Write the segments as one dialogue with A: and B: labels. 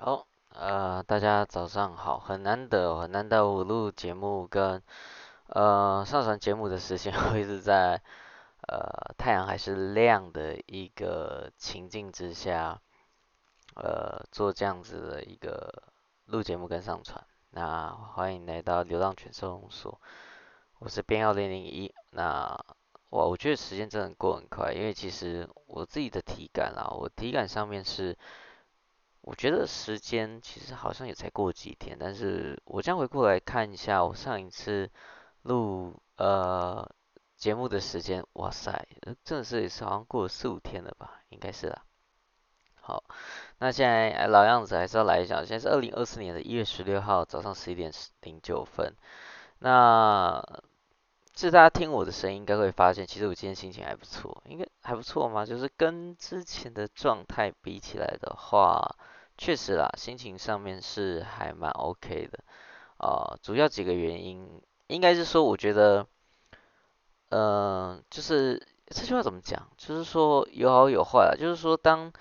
A: 好，oh，呃，大家早上好，很難得，很難得，我錄節目跟呃上傳節目的時間會是在呃太陽還是亮的一個情境之下，呃做這樣子的一個錄節目跟上傳。那歡迎來到流浪犬收容所，我是編號零零一。那我我覺得時間真的過很快，因為其實我自己的體感啊，我體感上面是。我覺得時間其實好像也才過幾天，但是我將會回過來看一下，我上一次錄呃節目的時間，哇塞，呃、真的是，也是好像過了四五天了吧，應該是啦。好，那現在老樣子還是要來講，現在是二零二四年的一月十六號早上十一點零九分。那其實大家聽我的聲音，應該會發現，其實我今天心情還不錯，應該還不錯嘛，就是跟之前的狀態比起來的話。確實啦，心情上面是還蠻 OK 的。呃，主要幾個原因，應該是說，我覺得，嗯、呃，就是這句話怎麼講？就是說有好有壞啊，就是說當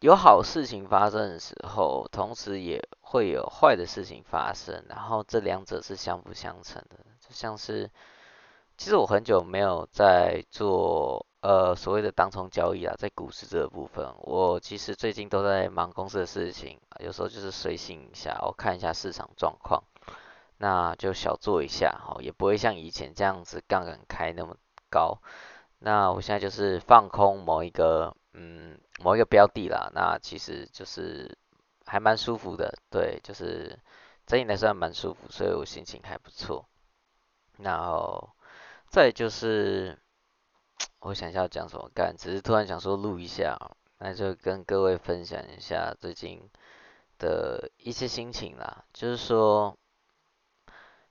A: 有好事情發生的時候，同時也會有壞的事情發生，然後這兩者是相輔相成的，就像是，其實我很久沒有在做。呃，所謂的當沖交易啊,在股市這個部分，我其實最近都在忙公司的事情，有時候就是隨性一下，我看一下市場狀況，那就小做一下哦，也不會像以前這樣子槓桿開那麼高。那我現在就是放空某一個，嗯，某一個標的啦，那其實就是還蠻舒服的，對，就是整體來說還蠻舒服，所以我心情還不錯。然後再就是。我想一下講什麼，幹，只是突然想說錄一下，那就跟各位分享一下最近的一些心情啦。就是說，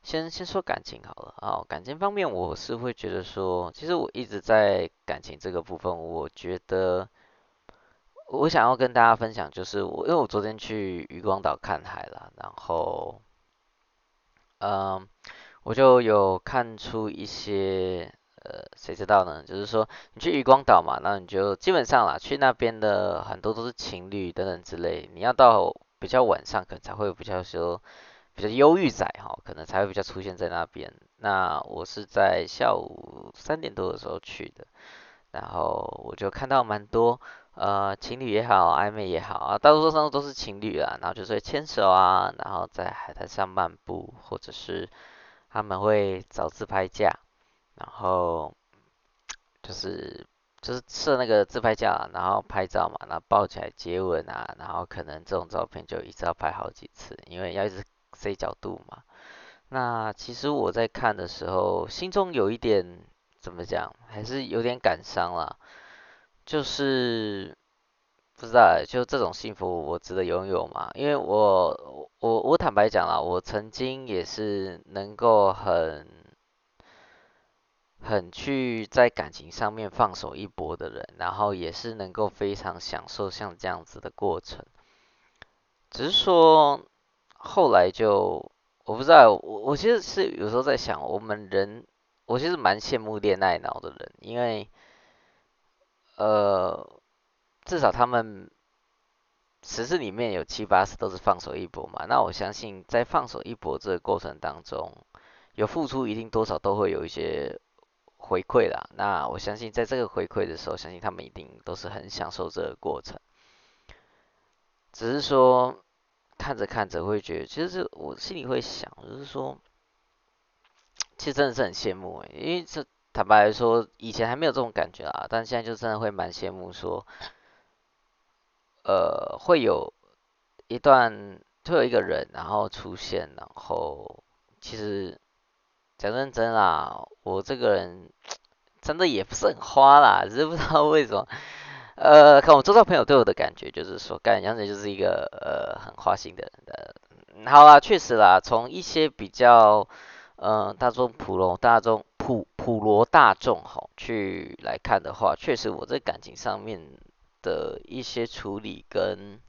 A: 先先說感情好了，啊，感情方面我是會覺得說，其實我一直在感情這個部分，我覺得我想要跟大家分享，就是我因為我昨天去漁光島看海啦，然後，嗯，我就有看出一些。呃，誰知道呢？就是說，你去漁光島嘛，那你就基本上啦，去那邊的很多都是情侶等等之類。你要到比較晚上，可能才會比較說比較憂鬱仔哈，可能才會比較出現在那邊。那我是在下午三點多的時候去的，然後我就看到蠻多呃情侶也好，曖昧也好啊，大多數上都是情侶啦，然後就是牽手啊，然後在海灘上漫步，或者是他們會找自拍架。然後就是就是設那個自拍架啊，然後拍照嘛，然後抱起來接吻啊，然後可能這種照片就一直要拍好幾次，因為要一直 C 角度嘛。那其實我在看的時候，心中有一點，怎麼講，還是有點感傷啦，就是不知道，就這種幸福，我值得擁有嘛，因為我我我坦白講啦，我曾經也是能夠很。很去在感情上面放手一搏的人，然後也是能夠非常享受像這樣子的過程。只是說後來就我不知道，我我其實是有時候在想，我們人我其實蠻羨慕戀愛腦的人，因為呃至少他們十次裡面有七八次都是放手一搏嘛。那我相信在放手一搏這個過程當中，有付出一定多少都會有一些。回饋了，那我相信在這個回饋的時候，相信他們一定都是很享受這個過程。只是說看着看着會覺得，其實我心裡會想，就是說，其實真的是很羨慕欸，因為這坦白來說，以前還沒有這種感覺啊，但現在就真的會蠻羨慕說，說呃，會有一段會有一個人然後出現，然後其實。講認真，真啦，我這個人真的也不是很花啦，只是不知道為什麼。呃，看我周遭朋友對我的感覺，就是說，幹楊仔就是一個呃很花心的人的、嗯。好啦，確實啦，從一些比較嗯、呃、大眾普羅大眾普普羅大眾吼去來看的話，確實我在感情上面的一些處理跟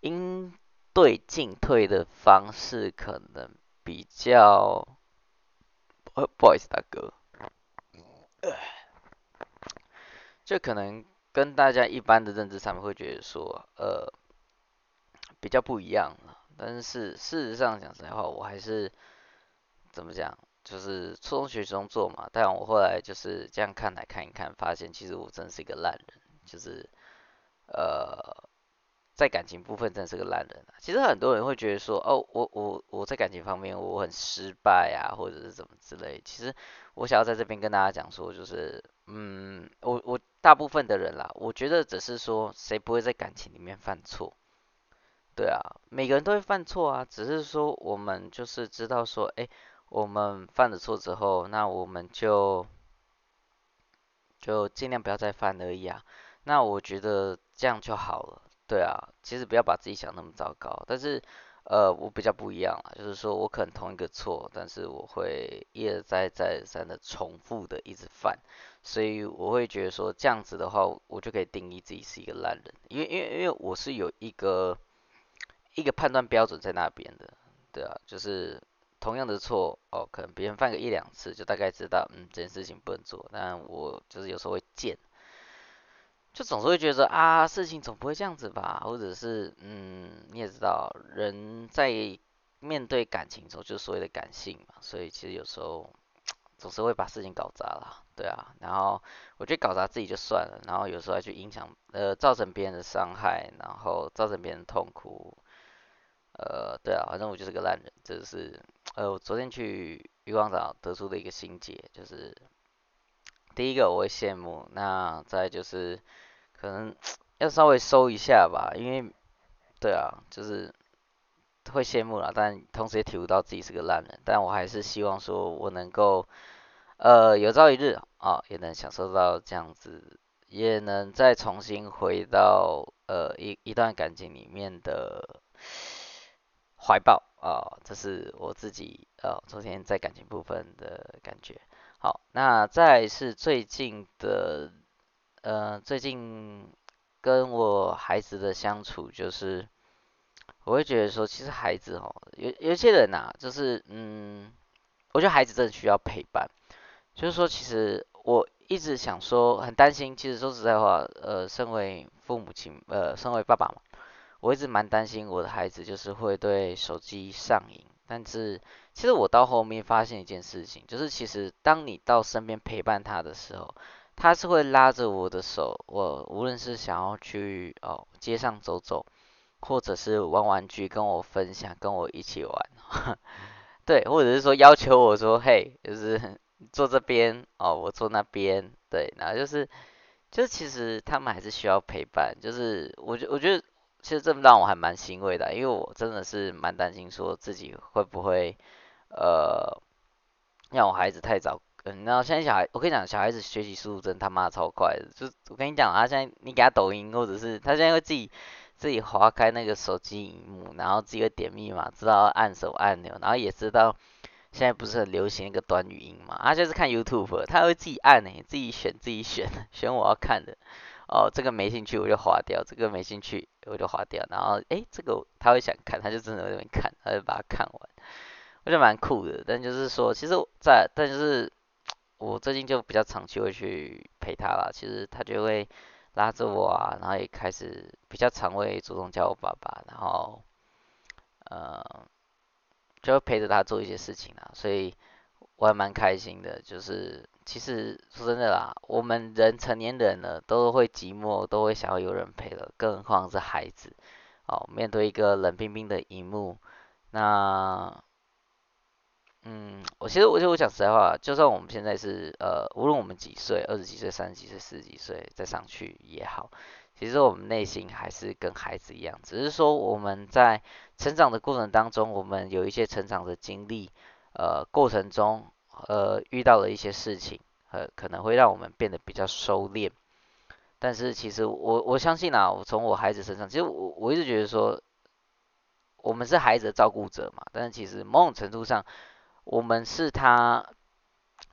A: 應對進退的方式，可能比較。不好意思，大哥，這可能跟大家一般的認知上面會覺得說，呃，比較不一樣了，但是事實上講實話，我還是怎麼講？就是初中學習中做嘛。但我後來就是這樣看來看一看，發現其實我真是一個爛人，就是呃。在感情部分真的是個爛人啊！其實很多人會覺得說，哦，我我我在感情方面我很失敗啊，或者是怎麼之類。其實，我想要在這邊跟大家講說，就是，嗯，我我大部分的人啦，我覺得只是說，誰不會在感情裡面犯錯？對啊，每個人都會犯錯啊，只是說我們就是知道說，哎，我們犯了錯之後，那我們就就盡量不要再犯而已啊。那我覺得這樣就好了。對啊，其實不要把自己想那麼糟糕。但是，呃，我比較不一樣啊，就是說我可能同一個錯，但是我會一而再、再而三的重複的一直犯，所以我會覺得說這樣子的話，我就可以定義自己是一個爛人。因為因為因為我是有一個一個判斷標準在那邊的，對啊，就是同樣的錯哦，可能別人犯個一兩次，就大概知道嗯這件事情不能做。但我就是有時候會賤。就總是會覺得說啊，事情總不會這樣子吧？或者是嗯，你也知道，人在面對感情中，就所謂的感性嘛，所以其實有時候總是會把事情搞砸了，對啊。然後我覺得搞砸自己就算了，然後有時候還去影響呃，造成別人的傷害，然後造成別人的痛苦，呃，對啊，反正我就是個爛人，這、就是呃，我昨天去魚光島得出的一個心結，就是第一個我會羨慕，那再就是。可能要稍微收一下吧，因為，對啊，就是會羨慕啦，但同時也體會到自己是個爛人，但我還是希望說，我能夠，呃，有朝一日啊、哦，也能享受到這樣子，也能再重新回到呃一一段感情裡面的懷抱啊、哦，這是我自己啊、哦、昨天在感情部分的感覺。好，那再是最近的。呃，最近跟我孩子的相處，就是我會覺得說，其實孩子吼，有有些人吶、啊，就是嗯，我覺得孩子真的需要陪伴。就是說，其實我一直想說，很擔心。其實說實在話，呃，身為父母親，呃，身為爸爸嘛，我一直蠻擔心我的孩子，就是會對手機上癮。但是，其實我到後面發現一件事情，就是其實當你到身邊陪伴他的時候。他是會拉着我的手，我無論是想要去哦街上走走，或者是玩玩具跟我分享，跟我一起玩，呵呵，對，或者是說要求我說嘿，就是坐這邊哦，我坐那邊，對，然後就是就是其實他們還是需要陪伴，就是我覺我覺得其實這讓我還蠻欣慰的，因為我真的是蠻擔心說自己會不會呃讓我孩子太早。嗯、然後現在小孩，我跟你講，小孩子學習速度真他媽超快的。就我跟你講啊，現在你給他抖音，或者是他現在會自己自己劃開那個手機螢幕，然後自己會點密碼，知道按手按鈕，然後也知道現在不是很流行一個短語音嘛？啊，就是看 YouTube，他會自己按呢、欸，自己選自己選，選我要看的。哦，這個沒興趣我就劃掉，這個沒興趣我就劃掉。然後誒、欸，這個他會想看，他就真的會看，他就把它看完。我覺得蠻酷的，但就是說，其實在，在但、就是。我最近就比較長期會去陪他了，其實他就會拉着我啊，然後也開始比較常會主動叫我爸爸，然後呃就會陪着他做一些事情啦，所以我還蠻開心的。就是其實說真的啦，我們人成年人呢都會寂寞，都會想要有人陪的，更何況是孩子哦。面對一個冷冰冰的熒幕，那嗯，我其實我我講實在話，就算我們現在是呃，無論我們幾歲，二十幾歲、三十幾歲、四十幾歲再上去也好，其實我們內心還是跟孩子一樣，只是說我們在成長的過程當中，我們有一些成長的經歷，呃，過程中呃遇到了一些事情，呃，可能會讓我們變得比較收斂。但是其實我我相信啊，我從我孩子身上，其實我我一直覺得說，我們是孩子的照顧者嘛，但是其實某種程度上。我們是他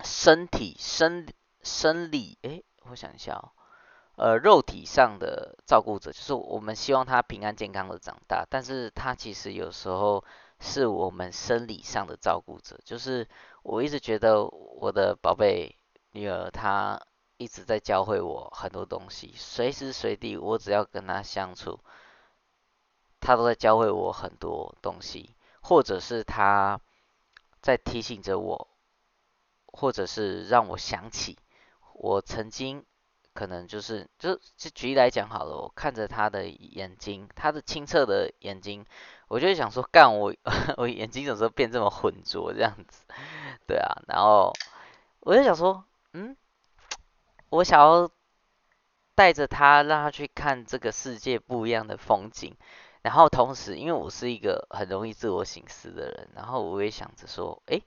A: 身體、生生理誒，我想一下哦，呃，肉體上的照顧者，就是我們希望他平安健康地長大，但是他其實有時候是我們生理上的照顧者，就是我一直覺得我的寶貝女兒，她一直在教會我很多東西，隨時隨地我只要跟她相處，她都在教會我很多東西，或者是她。在提醒着我，或者是讓我想起我曾經，可能就是，就就舉例來講好了，我看着他的眼睛，他的清澈的眼睛，我就想說，幹我， 我眼睛什麼時候變這麼渾濁這樣子？對啊，然後我就想說，嗯，我想要帶着他，讓他去看這個世界不一樣的風景。然後同時，因為我是一個很容易自我省思的人，然後我也想着說，哎，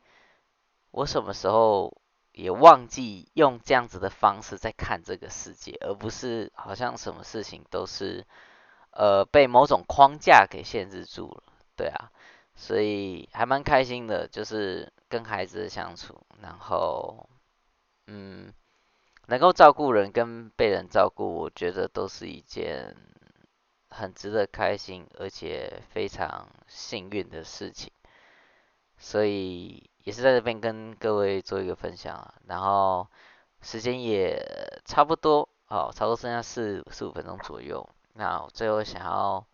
A: 我什麼時候也忘記用這樣子的方式在看這個世界，而不是好像什麼事情都是呃被某種框架給限制住了，對啊，所以還蠻開心的，就是跟孩子相處，然後嗯，能夠照顧人跟被人照顧，我覺得都是一件。很值得開心，而且非常幸運的事情，所以也是在這邊跟各位做一個分享啊。然後時間也差不多，好，哦，差不多剩下四四五分鐘左右。那我最後想要，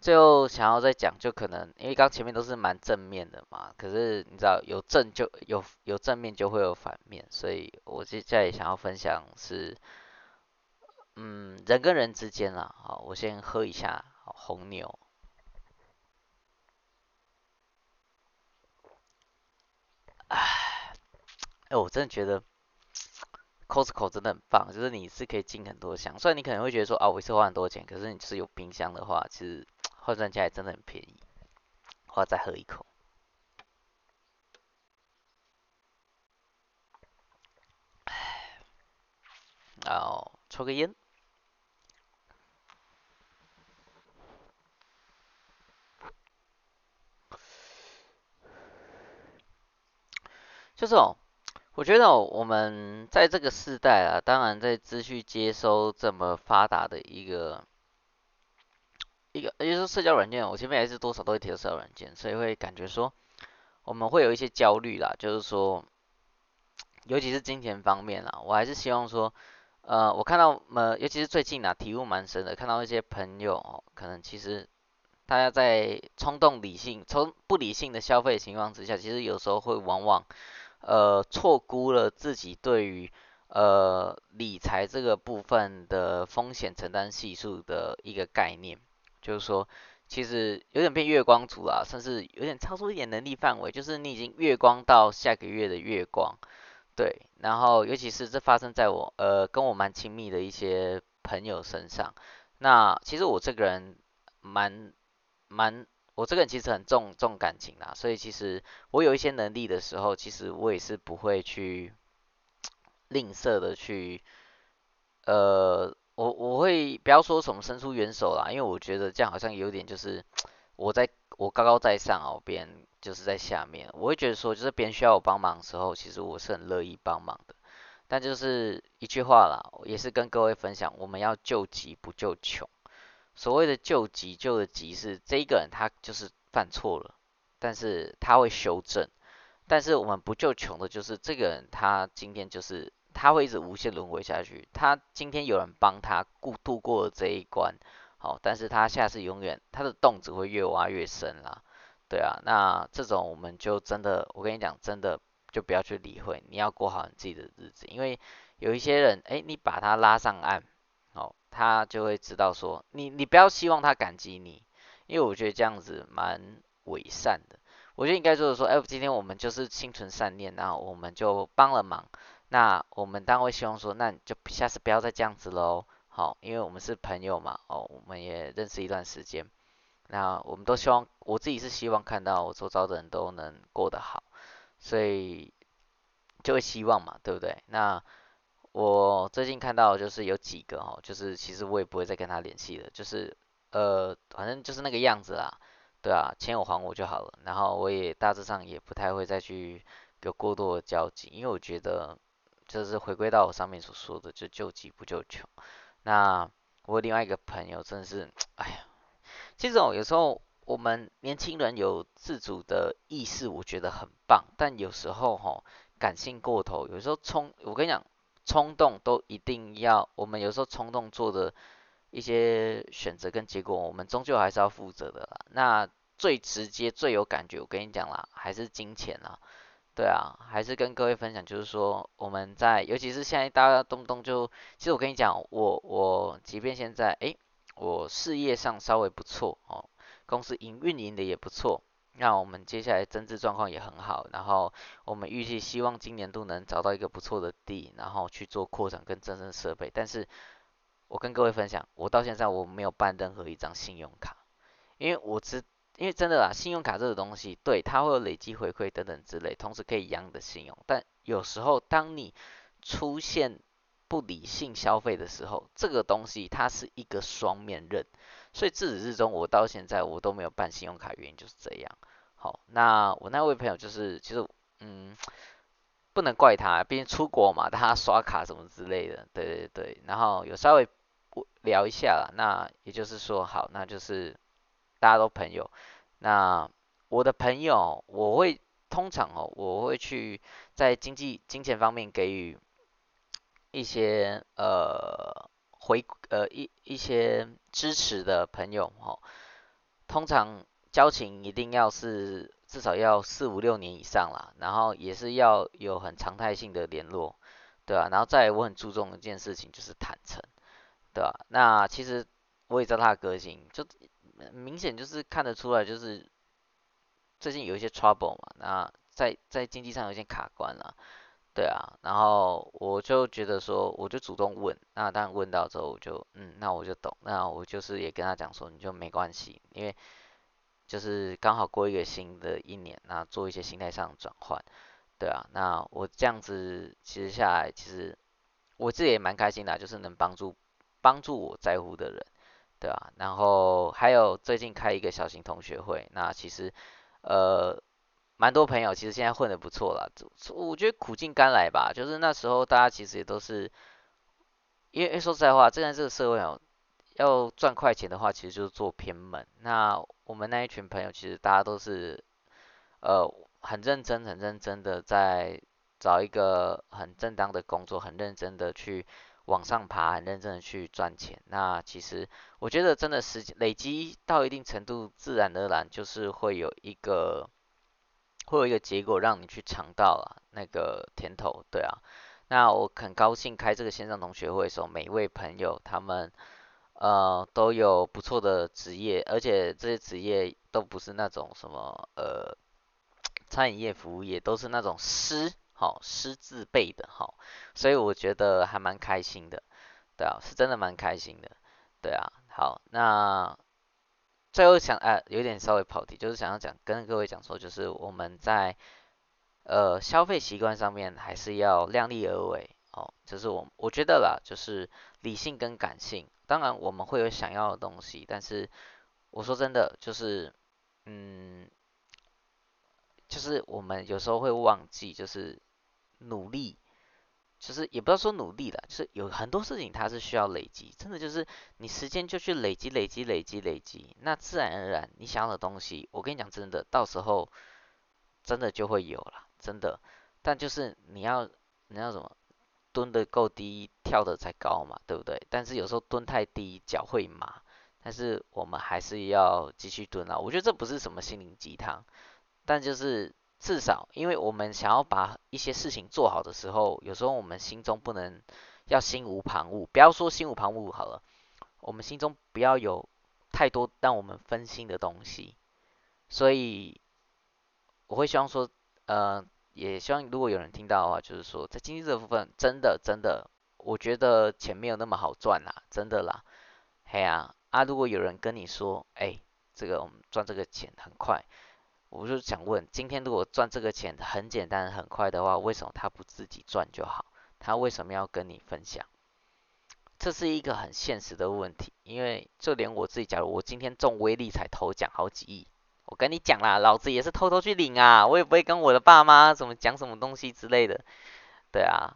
A: 最後想要再講，就可能因為剛前面都是蠻正面的嘛，可是你知道有正就有有正面就會有反面，所以我現在也想要分享是。嗯，人跟人之間啦，好，我先喝一下紅牛。哎，哎，我真的覺得 Costco 真的很棒，就是你是可以進很多箱，雖然你可能會覺得說，啊，我一次花很多錢，可是你是有冰箱的話，其實換算起來真的很便宜。我再喝一口。哎，然後抽個菸。就是哦，我覺得我們在這個時代啊，當然在資訊接收這麼發達的一個一個，一個也就是社交軟件，我前面還是多少都會提到社交軟件，所以會感覺說我們會有一些焦慮啦，就是說，尤其是金錢方面啦，我還是希望說，呃，我看到呃，尤其是最近啊，體悟蠻深的，看到一些朋友，可能其實大家在衝動、理性、衝不理性的消費情況之下，其實有時候會往往。呃，錯估了自己對於呃理財這個部分的風險承擔係數的一個概念，就是說，其實有點變月光族啦、啊，甚至有點超出一點能力範圍，就是你已經月光到下個月的月光，對，然後尤其是這發生在我呃跟我蠻親密的一些朋友身上，那其實我這個人蠻蠻。蠻我這個人其實很重重感情啦，所以其實我有一些能力的時候，其實我也是不會去吝嗇的去，呃，我我會不要說什麼伸出援手啦，因為我覺得這樣好像有點就是我在我高高在上，哦，別人就是在下面。我會覺得說，就是別人需要我幫忙的時候，其實我是很樂意幫忙的。但就是一句話啦，也是跟各位分享，我們要救急不救窮。所謂的救急，救的急是這一個人，他就是犯錯了，但是他會修正。但是我們不救窮的，就是這個人他今天就是他會一直無限輪迴下去。他今天有人幫他過渡過了這一關，好、哦，但是他下次永遠他的洞只會越挖越深啦。對啊，那這種我們就真的，我跟你講，真的就不要去理會。你要過好你自己的日子，因為有一些人，哎，你把他拉上岸。他就會知道說，你你不要希望他感激你，因為我覺得這樣子蠻偽善的。我覺得應該就是說，哎、欸，今天我們就是心存善念，然後我們就幫了忙。那我們當然會希望說，那你就下次不要再這樣子嘍，好，因為我們是朋友嘛，哦，我們也認識一段時間，那我們都希望，我自己是希望看到我周遭的人都能過得好，所以就會希望嘛，對不對？那。我最近看到就是有幾個哈，就是其實我也不會再跟他聯繫了，就是呃，反正就是那個樣子啦，對啊，錢我還我就好了，然後我也大致上也不太會再去有過多的交集，因為我覺得就是回歸到我上面所說的，就救急不救窮。那我另外一個朋友真的是，哎呀，這種、喔、有時候我們年輕人有自主的意識，我覺得很棒，但有時候哈、喔、感性過頭，有時候衝，我跟你講。衝動都一定要，我們有時候衝動做的一些選擇跟結果，我們終究還是要負責的啦。那最直接最有感覺，我跟你講啦，還是金錢啦，對啊，還是跟各位分享，就是說我們在，尤其是現在大家動不動就，其實我跟你講，我我即便現在，誒，我事業上稍微不錯哦，公司營運營的也不錯。那我們接下來增資狀況也很好，然後我們預計希望今年度能找到一個不錯的地，然後去做擴展跟增設設備。但是我跟各位分享，我到現在我沒有辦任何一張信用卡，因為我知因為真的啦，信用卡這個東西，對，它會有累積回饋等等之類，同時可以養你的信用。但有時候當你出現不理性消費的時候，這個東西它是一個雙面刃。所以自始至終，我到現在我都沒有辦信用卡，原因就是這樣。好，那我那位朋友就是，其實，嗯，不能怪他，畢竟出國嘛，他刷卡什麼之類的，對對對。然後有稍微聊一下啦，那也就是說，好，那就是大家都朋友。那我的朋友，我會通常哦，我會去在經濟金錢方面給予一些呃。回呃一一些支持的朋友吼，通常交情一定要是至少要四五六年以上啦，然後也是要有很常態性的聯絡，對吧？然後再我很注重一件事情就是坦誠，對吧？那其實我也知道他的個性，就明顯就是看得出來，就是最近有一些 trouble 嘛，那在在經濟上有一些卡關了。對啊，然後我就覺得說，我就主動問，那當然問到之後，我就嗯，那我就懂，那我就是也跟他講說，你就沒關係，因為就是剛好過一個新的一年，那做一些心態上的轉換，對啊，那我這樣子其實下來，其實我自己也蠻開心的啊，就是能幫助幫助我在乎的人，對啊，然後還有最近開一個小型同學會，那其實呃。蠻多朋友，其實現在混得不錯了。我覺得苦盡甘來吧，就是那時候大家其實也都是，因為說實在話，現在這個社會哦，要賺快錢的話，其實就是做偏門。那我們那一群朋友，其實大家都是，呃，很認真、很認真的在找一個很正當的工作，很認真的去往上爬，很認真的去賺錢。那其實我覺得，真的時間累積到一定程度，自然而然就是會有一個。會有一個結果讓你去嘗到了那個甜頭，對啊。那我很高興開這個線上同學會的時候，每一位朋友他們呃都有不錯的職業，而且這些職業都不是那種什麼呃餐飲業、服務業，都是那種師好、哦、師字輩的哈、哦，所以我覺得還蠻開心的，對啊，是真的蠻開心的，對啊。好，那。最後想啊，呃，有點稍微跑題，就是想要講跟各位講說，就是我們在呃消費習慣上面還是要量力而為哦。就是我我覺得啦，就是理性跟感性，當然我們會有想要的東西，但是我說真的，就是嗯，就是我們有時候會忘記，就是努力。就是也不要說努力了，就是有很多事情它是需要累積，真的就是你時間就去累積、累積、累積、累積，那自然而然你想要的東西，我跟你講真的，到時候真的就會有了，真的。但就是你要你要什麼，蹲得夠低，跳得才高嘛，對不對？但是有時候蹲太低腳會麻，但是我們還是要繼續蹲啊。我覺得這不是什麼心靈雞湯，但就是。至少，因為我們想要把一些事情做好的時候，有時候我們心中不能要心無旁騖，不要說心無旁騖好了，我們心中不要有太多讓我們分心的東西。所以我會希望說，呃，也希望如果有人聽到的話，就是說在經濟這部分，真的真的，我覺得錢沒有那麼好賺啦，真的啦。嘿呀，啊，啊，如果有人跟你說，哎，這個我們賺這個錢很快。我就想問，今天如果賺這個錢很簡單、很快的話，為什麼他不自己賺就好？他為什麼要跟你分享？這是一個很現實的問題。因為就連我自己，假如我今天中威力彩頭獎好幾億，我跟你講啦，老子也是偷偷去領啊，我也不會跟我的爸媽什麼講什麼東西之類的。對啊，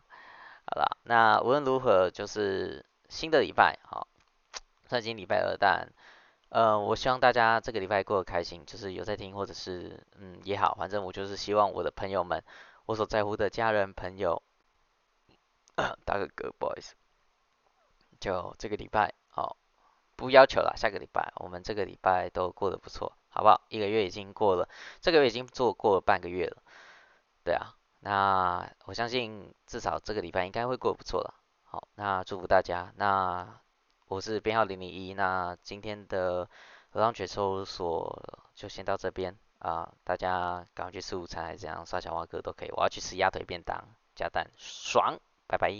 A: 好了，那無論如何，就是新的禮拜啊，雖、哦、然禮拜二但。呃，我希望大家這個禮拜過得開心，就是有在聽或者是嗯也好，反正我就是希望我的朋友們，我所在乎的家人朋友，打個嗝，不好意思，就這個禮拜哦，不要求了，下個禮拜，我們這個禮拜都過得不錯，好不好？一個月已經過了，這個月已經做過了半個月了，對啊，那我相信至少這個禮拜應該會過得不錯了，好，那祝福大家，那。我是編號零零一，那今天的流浪犬收容所就先到這邊啊！大家趕快去吃午餐，還是怎樣刷小花哥都可以。我要去吃鴨腿便當加蛋，爽！拜拜。